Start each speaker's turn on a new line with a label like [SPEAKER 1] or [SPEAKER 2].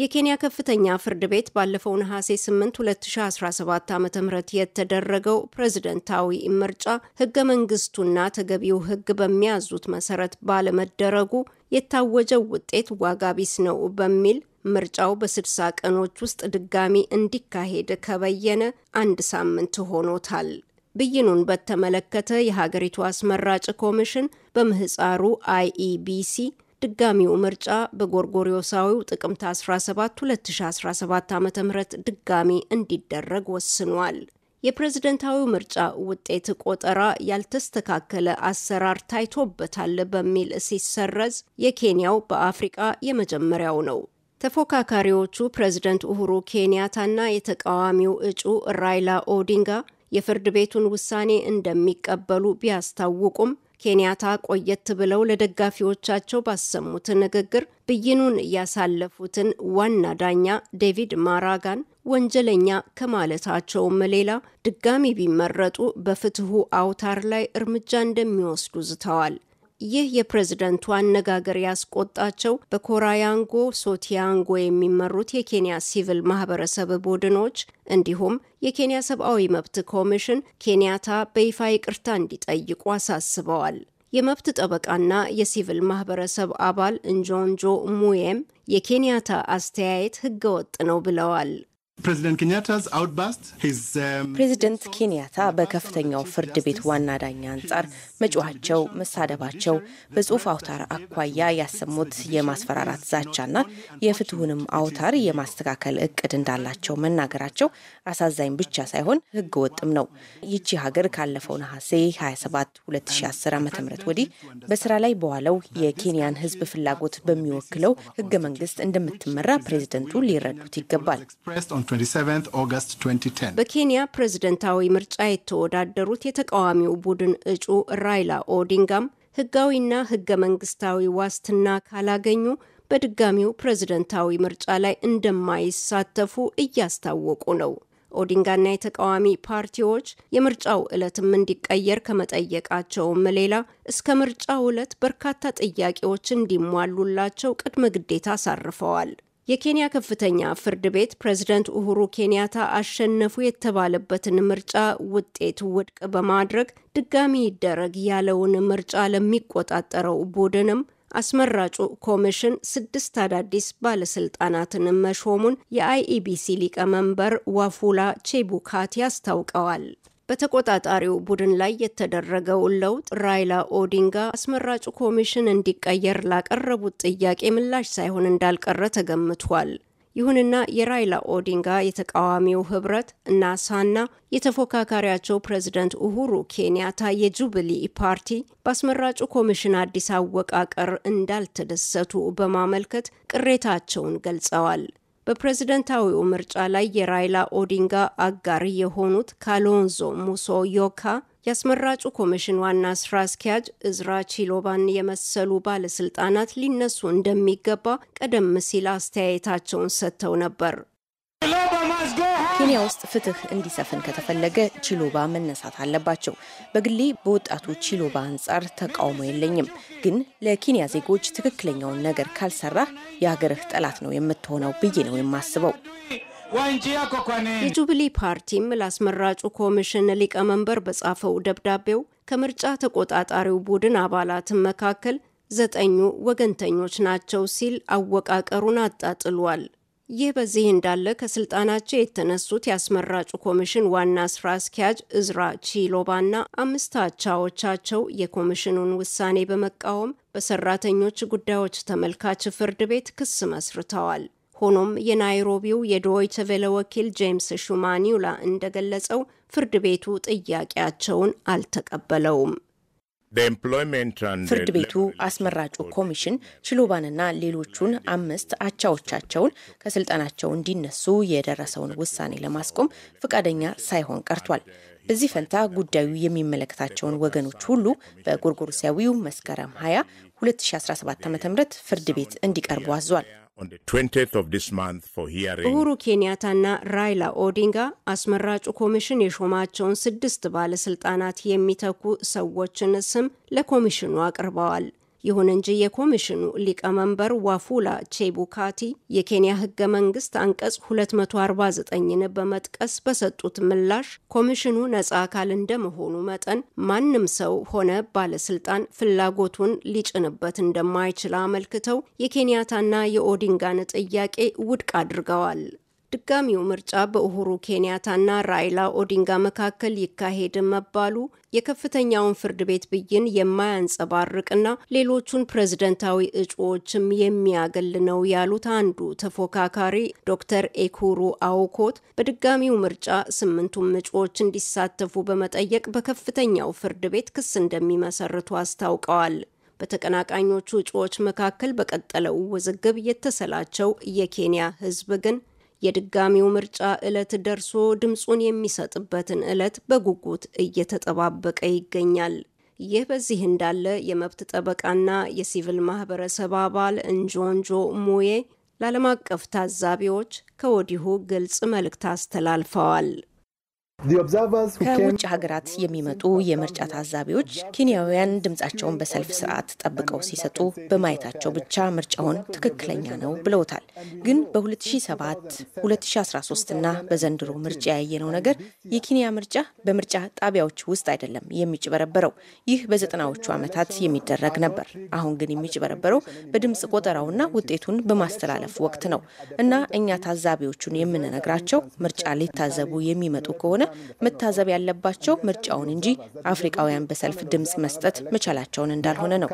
[SPEAKER 1] የኬንያ ከፍተኛ ፍርድ ቤት ባለፈው ነሐሴ 8 2017 ዓ ም የተደረገው ፕሬዝደንታዊ ምርጫ ህገ መንግስቱና ተገቢው ህግ በሚያዙት መሰረት ባለመደረጉ የታወጀው ውጤት ዋጋ ቢስ ነው በሚል ምርጫው በ60 ቀኖች ውስጥ ድጋሚ እንዲካሄድ ከበየነ አንድ ሳምንት ሆኖታል። ብይኑን በተመለከተ የሀገሪቱ አስመራጭ ኮሚሽን በምህፃሩ አይኢቢሲ ድጋሚው ምርጫ በጎርጎሪዮሳዊው ጥቅምት 17 2017 ዓ ም ድጋሚ እንዲደረግ ወስኗል። የፕሬዝደንታዊው ምርጫ ውጤት ቆጠራ ያልተስተካከለ አሰራር ታይቶበታል በሚል ሲሰረዝ የኬንያው በአፍሪቃ የመጀመሪያው ነው። ተፎካካሪዎቹ ፕሬዝደንት ኡሁሩ ኬንያታና የተቃዋሚው እጩ ራይላ ኦዲንጋ የፍርድ ቤቱን ውሳኔ እንደሚቀበሉ ቢያስታውቁም ኬንያታ ቆየት ብለው ለደጋፊዎቻቸው ባሰሙት ንግግር ብይኑን ያሳለፉትን ዋና ዳኛ ዴቪድ ማራጋን ወንጀለኛ ከማለታቸውም ሌላ ድጋሚ ቢመረጡ በፍትሁ አውታር ላይ እርምጃ እንደሚወስዱ ዝተዋል። ይህ የፕሬዝደንቱ አነጋገር ያስቆጣቸው በኮራያንጎ ሶቲያንጎ የሚመሩት የኬንያ ሲቪል ማህበረሰብ ቡድኖች እንዲሁም የኬንያ ሰብአዊ መብት ኮሚሽን ኬንያታ በይፋ ይቅርታ እንዲጠይቁ አሳስበዋል። የመብት ጠበቃና የሲቪል ማህበረሰብ አባል እንጆንጆ ሙዬም የኬንያታ አስተያየት ህገወጥ ነው ብለዋል። Um, ፕሬዚደንት
[SPEAKER 2] ኬንያታ በከፍተኛው ፍርድ ቤት ዋና ዳኛ አንጻር መጮኋቸው፣ መሳደባቸው፣ በጽሑፍ አውታር አኳያ ያሰሙት የማስፈራራት ዛቻና የፍትሁንም አውታር የማስተካከል እቅድ እንዳላቸው መናገራቸው አሳዛኝ ብቻ ሳይሆን ህግ ወጥም ነው። ይቺ ሀገር ካለፈው ነሐሴ 27 2010 ዓ ም ወዲህ በስራ ላይ በዋለው የኬንያን ህዝብ ፍላጎት በሚወክለው ህገ መንግስት እንደምትመራ
[SPEAKER 1] ፕሬዚደንቱ ሊረዱት ይገባል። በኬንያ ፕሬዝደንታዊ ምርጫ የተወዳደሩት የተቃዋሚው ቡድን እጩ ራይላ ኦዲንጋም ህጋዊና ህገ መንግስታዊ ዋስትና ካላገኙ በድጋሚው ፕሬዝደንታዊ ምርጫ ላይ እንደማይሳተፉ እያስታወቁ ነው። ኦዲንጋና የተቃዋሚ ፓርቲዎች የምርጫው ዕለትም እንዲቀየር ከመጠየቃቸውም ሌላ እስከ ምርጫው ዕለት በርካታ ጥያቄዎች እንዲሟሉላቸው ቅድመ ግዴታ አሳርፈዋል። የኬንያ ከፍተኛ ፍርድ ቤት ፕሬዝደንት ኡሁሩ ኬንያታ አሸነፉ የተባለበትን ምርጫ ውጤት ውድቅ በማድረግ ድጋሚ ይደረግ ያለውን ምርጫ ለሚቆጣጠረው ቡድንም አስመራጩ ኮሚሽን ስድስት አዳዲስ ባለስልጣናትን መሾሙን የአይኢቢሲ ሊቀመንበር ዋፉላ ቼቡካቲ አስታውቀዋል። በተቆጣጣሪው ቡድን ላይ የተደረገው ለውጥ ራይላ ኦዲንጋ አስመራጩ ኮሚሽን እንዲቀየር ላቀረቡት ጥያቄ ምላሽ ሳይሆን እንዳልቀረ ተገምቷል። ይሁንና የራይላ ኦዲንጋ የተቃዋሚው ህብረት ናሳና የተፎካካሪያቸው ፕሬዝደንት ኡሁሩ ኬንያታ የጁብሊ ፓርቲ በአስመራጩ ኮሚሽን አዲስ አወቃቀር እንዳልተደሰቱ በማመልከት ቅሬታቸውን ገልጸዋል። በፕሬዝደንታዊው ምርጫ ላይ የራይላ ኦዲንጋ አጋር የሆኑት ካሎንዞ ሙሶዮካ የአስመራጩ ኮሚሽን ዋና ስራ አስኪያጅ እዝራ ቺሎባን የመሰሉ ባለስልጣናት ሊነሱ እንደሚገባ ቀደም ሲል አስተያየታቸውን ሰጥተው ነበር። ኬንያ ውስጥ ፍትህ እንዲሰፍን ከተፈለገ
[SPEAKER 2] ቺሎባ መነሳት አለባቸው። በግሌ በወጣቱ ቺሎባ አንጻር ተቃውሞ የለኝም፣ ግን ለኬንያ ዜጎች ትክክለኛውን ነገር ካልሰራህ የሀገርህ ጠላት ነው የምትሆነው ብዬ ነው የማስበው።
[SPEAKER 1] የጁብሊ ፓርቲም ለአስመራጩ ኮሚሽን ሊቀመንበር በጻፈው ደብዳቤው ከምርጫ ተቆጣጣሪው ቡድን አባላትን መካከል ዘጠኙ ወገንተኞች ናቸው ሲል አወቃቀሩን አጣጥሏል። ይህ በዚህ እንዳለ ከስልጣናቸው የተነሱት የአስመራጩ ኮሚሽን ዋና ስራ አስኪያጅ እዝራ ቺሎባና አምስት አቻዎቻቸው የኮሚሽኑን ውሳኔ በመቃወም በሰራተኞች ጉዳዮች ተመልካች ፍርድ ቤት ክስ መስርተዋል። ሆኖም የናይሮቢው የዶይቸ ቬለ ወኪል ጄምስ ሹማኒውላ እንደገለጸው ፍርድ ቤቱ ጥያቄያቸውን አልተቀበለውም። ፍርድ ቤቱ
[SPEAKER 2] አስመራጩ ኮሚሽን ሽሉባንና ሌሎቹን አምስት አቻዎቻቸውን ከስልጣናቸው እንዲነሱ የደረሰውን ውሳኔ ለማስቆም ፈቃደኛ ሳይሆን ቀርቷል። በዚህ ፈንታ ጉዳዩ የሚመለከታቸውን ወገኖች ሁሉ በጎርጎሮሳዊው መስከረም
[SPEAKER 1] 20 2017 ዓ.ም ፍርድ ቤት እንዲቀርቡ አዟል። ኡሁሩ ኬንያታና ራይላ ኦዲንጋ አስመራጩ ኮሚሽን የሾማቸውን ስድስት ባለስልጣናት የሚተኩ ሰዎችን ስም ለኮሚሽኑ አቅርበዋል። ይሁን እንጂ የኮሚሽኑ ሊቀመንበር ዋፉላ ቼቡካቲ የኬንያ ህገ መንግስት አንቀጽ 249ን በመጥቀስ በሰጡት ምላሽ ኮሚሽኑ ነጻ አካል እንደመሆኑ መጠን ማንም ሰው ሆነ ባለስልጣን ፍላጎቱን ሊጭንበት እንደማይችል አመልክተው የኬንያታና የኦዲንጋን ጥያቄ ውድቅ አድርገዋል። ድጋሚው ምርጫ በኡሁሩ ኬንያታና ራይላ ኦዲንጋ መካከል ይካሄድ መባሉ የከፍተኛውን ፍርድ ቤት ብይን የማያንጸባርቅና ሌሎቹን ፕሬዝደንታዊ እጩዎችም የሚያገል ነው ያሉት አንዱ ተፎካካሪ ዶክተር ኤኩሩ አውኮት በድጋሚው ምርጫ ስምንቱም እጩዎች እንዲሳተፉ በመጠየቅ በከፍተኛው ፍርድ ቤት ክስ እንደሚመሰርቱ አስታውቀዋል። በተቀናቃኞቹ እጩዎች መካከል በቀጠለው ውዝግብ የተሰላቸው የኬንያ ሕዝብ ግን የድጋሚው ምርጫ ዕለት ደርሶ ድምፁን የሚሰጥበትን ዕለት በጉጉት እየተጠባበቀ ይገኛል። ይህ በዚህ እንዳለ የመብት ጠበቃና የሲቪል ማህበረሰብ አባል እንጆንጆ ሙዬ ለዓለም አቀፍ ታዛቢዎች ከወዲሁ ግልጽ መልእክት አስተላልፈዋል።
[SPEAKER 2] ከውጭ ሀገራት የሚመጡ የምርጫ ታዛቢዎች ኬንያውያን ድምፃቸውን በሰልፍ ስርዓት ጠብቀው ሲሰጡ በማየታቸው ብቻ ምርጫውን ትክክለኛ ነው ብለውታል። ግን በ2007 2013 እና በዘንድሮ ምርጫ ያየነው ነገር የኬንያ ምርጫ በምርጫ ጣቢያዎች ውስጥ አይደለም የሚጭበረበረው። ይህ በዘጠናዎቹ ዓመታት የሚደረግ ነበር። አሁን ግን የሚጭበረበረው በድምፅ ቆጠራውና ውጤቱን በማስተላለፍ ወቅት ነው እና እኛ ታዛቢዎቹን የምንነግራቸው ምርጫ ሊታዘቡ የሚመጡ ከሆነ መታዘብ ያለባቸው ምርጫውን እንጂ አፍሪቃውያን በሰልፍ ድምፅ መስጠት መቻላቸውን እንዳልሆነ ነው።